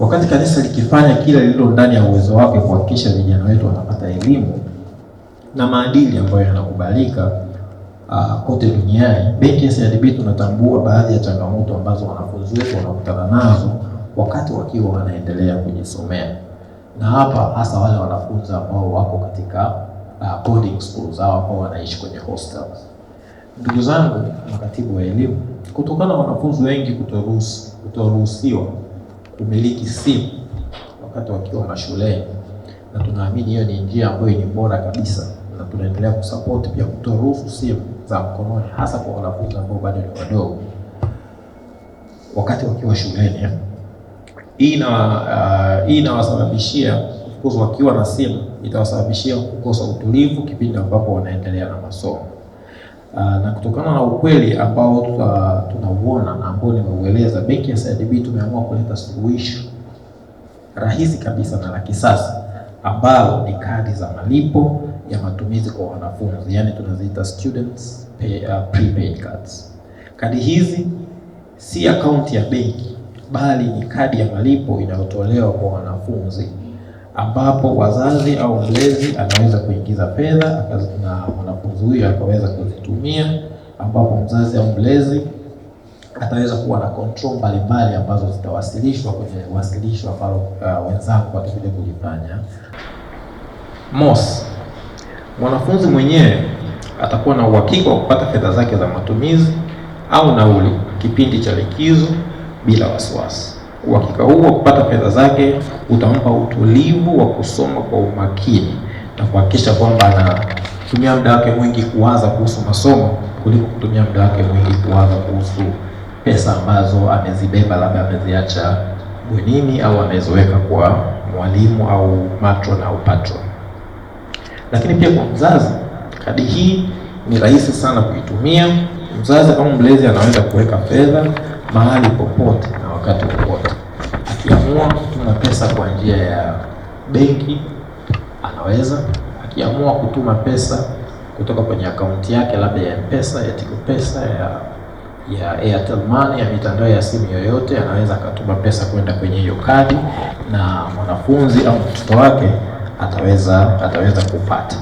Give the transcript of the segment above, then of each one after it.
Wakati kanisa likifanya kila lililo ndani ya uwezo wake kuhakikisha vijana wetu wanapata elimu na maadili ambayo yanakubalika uh, kote duniani, benki ya CRDB tunatambua baadhi ya changamoto ambazo wanafunzi wetu wanakutana nazo wakati wakiwa wanaendelea kujisomea, na hapa hasa wale wanafunzi ambao wako katika uh, boarding schools au ambao wanaishi kwenye hostels. Ndugu zangu makatibu wa elimu, kutokana na wanafunzi wengi kutoruhusiwa kumiliki simu wakati wakiwa mashuleni, na tunaamini hiyo ni njia ambayo ni bora kabisa, na tunaendelea kusupport pia kutoruhusu simu za mkononi, hasa kwa wanafunzi ambao bado ni wadogo wakati wakiwa shuleni. Hii na uh, inawasababishia of course, wakiwa na simu itawasababishia kukosa utulivu kipindi ambapo wanaendelea na masomo. Uh, na kutokana na ukweli ambao tunauona ambao nimeueleza, benki ya CRDB tumeamua kuleta suluhisho rahisi kabisa na la kisasa ambalo ni kadi za malipo ya matumizi kwa wanafunzi, yani tunaziita students pay, uh, prepaid cards. Kadi hizi si akaunti ya benki, bali ni kadi ya malipo inayotolewa kwa wanafunzi, ambapo wazazi au mlezi anaweza kuingiza fedha na mwanafunzi huyo akaweza kuzitumia, ambapo mzazi au mlezi ataweza kuwa na control mbalimbali ambazo zitawasilishwa kwenye wasilisho ambalo uh, wenzangu watakuja kulifanya. Mos, mwanafunzi mwenyewe atakuwa na uhakika wa kupata fedha zake za matumizi au nauli kipindi cha likizo bila wasiwasi. Uhakika huo wa kupata fedha zake utampa utulivu wa kusoma kwa umakini na kuhakikisha kwamba anatumia muda wake mwingi kuwaza kuhusu masomo kuliko kutumia muda wake mwingi kuwaza kuhusu pesa ambazo amezibeba labda ameziacha bwenini au ameziweka kwa mwalimu au matron au patron. Lakini pia kwa mzazi, kadi hii ni rahisi sana kuitumia. Mzazi kama mlezi anaweza kuweka fedha mahali popote na wakati wowote. Akiamua kutuma pesa kwa njia ya benki anaweza, akiamua kutuma pesa kutoka kwenye akaunti yake labda ya Pesa, ya Tigo Pesa, ya ya Airtel Money ya mitandao ya simu yoyote, anaweza akatuma pesa kwenda kwenye hiyo kadi na mwanafunzi au mtoto wake ataweza ataweza kupata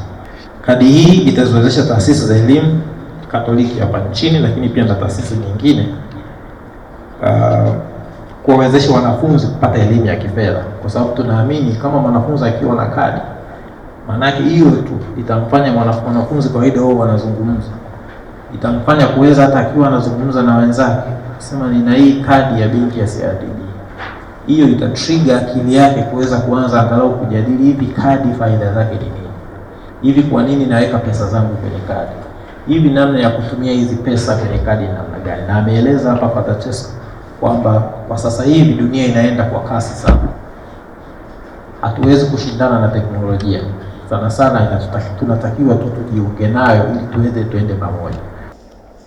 kadi hii. Itaziwezesha taasisi za elimu Katoliki hapa nchini, lakini pia na taasisi nyingine uh, kuwawezesha wanafunzi kupata elimu ya kifedha, kwa sababu tunaamini kama mwanafunzi akiwa na kadi, maanake hiyo tu itamfanya mwanafunzi kawaida wao wanazungumza itamfanya kuweza hata akiwa anazungumza na wenzake sema nina hii kadi ya benki ya CRDB. Hiyo itatrigger akili yake kuweza kuanza angalau kujadili hivi kadi faida zake ni nini, hivi kwa nini naweka pesa zangu kwenye kadi, hivi namna ya kutumia hizi pesa kwenye kadi namna gani. Na ameeleza hapa Father Tesco kwamba kwa sasa hivi dunia inaenda kwa kasi sana, hatuwezi kushindana na teknolojia sana sana, tunatakiwa tu tujiunge nayo ili tuweze tuende pamoja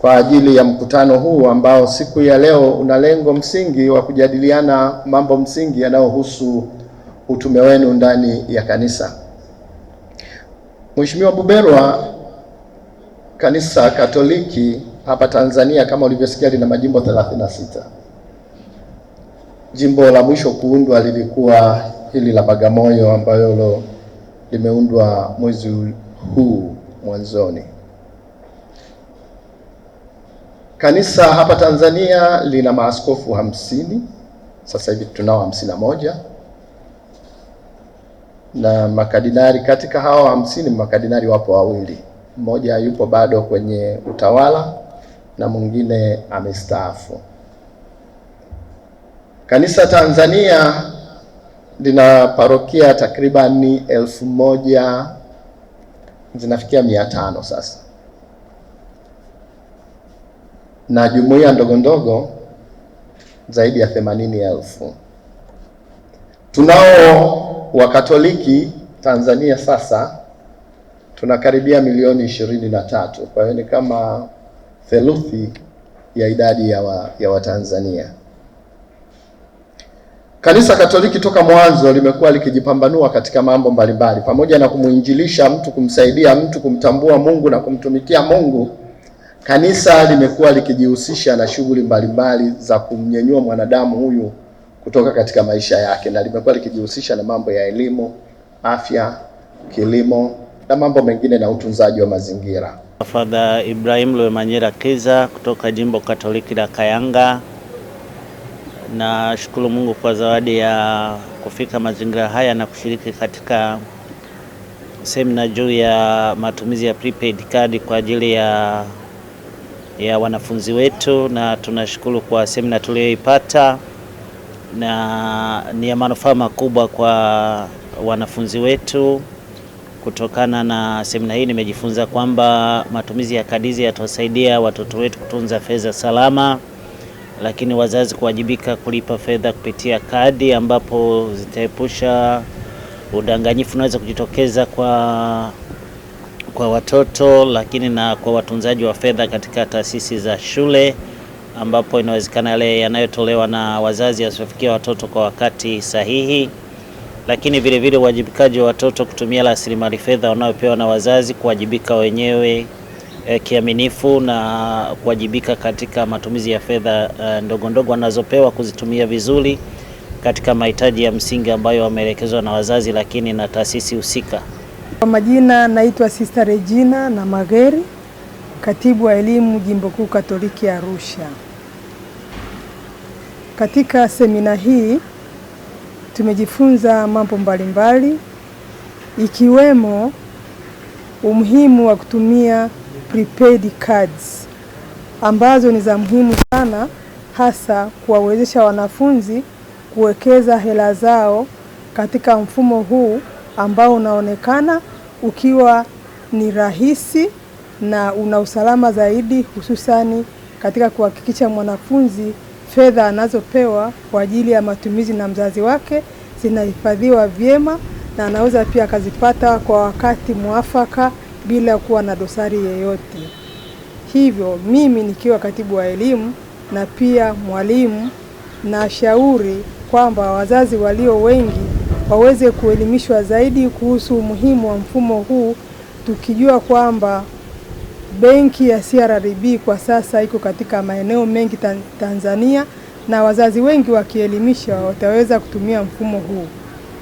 kwa ajili ya mkutano huu ambao siku ya leo una lengo msingi wa kujadiliana mambo msingi yanayohusu utume wenu ndani ya kanisa. Mheshimiwa Buberwa, kanisa Katoliki hapa Tanzania kama ulivyosikia lina majimbo 36. Jimbo la mwisho kuundwa lilikuwa hili la Bagamoyo ambayo limeundwa mwezi huu mwanzoni. Kanisa hapa Tanzania lina maaskofu hamsini, sasa hivi tunao hamsini na moja na makadinari. Katika hao hamsini makadinari wapo wawili, mmoja yupo bado kwenye utawala na mwingine amestaafu. Kanisa Tanzania lina parokia takribani elfu moja zinafikia mia tano sasa na jumuiya ndogo ndogo zaidi ya themanini elfu. Tunao Wakatoliki Tanzania sasa tunakaribia milioni ishirini na tatu. Kwa hiyo ni kama theluthi ya idadi ya Watanzania. Wa Kanisa Katoliki toka mwanzo limekuwa likijipambanua katika mambo mbalimbali, pamoja na kumwinjilisha mtu, kumsaidia mtu kumtambua Mungu na kumtumikia Mungu Kanisa limekuwa likijihusisha na shughuli mbalimbali za kumnyanyua mwanadamu huyu kutoka katika maisha yake, na limekuwa likijihusisha na mambo ya elimu, afya, kilimo na mambo mengine na utunzaji wa mazingira. Father Ibrahim Lwemanyera Kiza kutoka Jimbo Katoliki la Kayanga. Nashukuru Mungu kwa zawadi ya kufika mazingira haya na kushiriki katika semina juu ya matumizi ya prepaid card kwa ajili ya ya wanafunzi wetu, na tunashukuru kwa semina tuliyoipata, na ni ya manufaa makubwa kwa wanafunzi wetu. Kutokana na semina hii nimejifunza kwamba matumizi ya kadizi yatawasaidia watoto wetu kutunza fedha salama, lakini wazazi kuwajibika kulipa fedha kupitia kadi, ambapo zitaepusha udanganyifu unaweza kujitokeza kwa kwa watoto, lakini na kwa watunzaji wa fedha katika taasisi za shule, ambapo inawezekana yale yanayotolewa na wazazi yasifikia watoto kwa wakati sahihi, lakini vilevile uwajibikaji wa watoto kutumia rasilimali fedha wanayopewa na wazazi, kuwajibika wenyewe e, kiaminifu na kuwajibika katika matumizi ya fedha e, ndogo ndogo wanazopewa kuzitumia vizuri katika mahitaji ya msingi ambayo wameelekezwa na wazazi, lakini na taasisi husika. Kwa majina naitwa Sister Regina na Mageri, katibu wa elimu Jimbo Kuu Katoliki Arusha. Katika semina hii tumejifunza mambo mbalimbali ikiwemo umuhimu wa kutumia prepaid cards ambazo ni za muhimu sana hasa kuwawezesha wanafunzi kuwekeza hela zao katika mfumo huu ambao unaonekana ukiwa ni rahisi na una usalama zaidi, hususani katika kuhakikisha mwanafunzi fedha anazopewa kwa ajili ya matumizi na mzazi wake zinahifadhiwa vyema na anaweza pia akazipata kwa wakati mwafaka bila kuwa na dosari yeyote. Hivyo mimi nikiwa katibu wa elimu na pia mwalimu, na shauri kwamba wazazi walio wengi waweze kuelimishwa zaidi kuhusu umuhimu wa mfumo huu, tukijua kwamba benki ya CRDB kwa sasa iko katika maeneo mengi Tanzania, na wazazi wengi wakielimisha wataweza kutumia mfumo huu.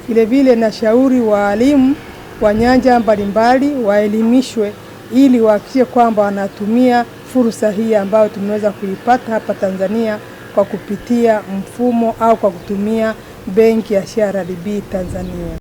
Vilevile nashauri waalimu wa nyanja mbalimbali waelimishwe ili wahakikishe kwamba wanatumia fursa hii ambayo tumeweza kuipata hapa Tanzania kwa kupitia mfumo au kwa kutumia benki ya CRDB Tanzania.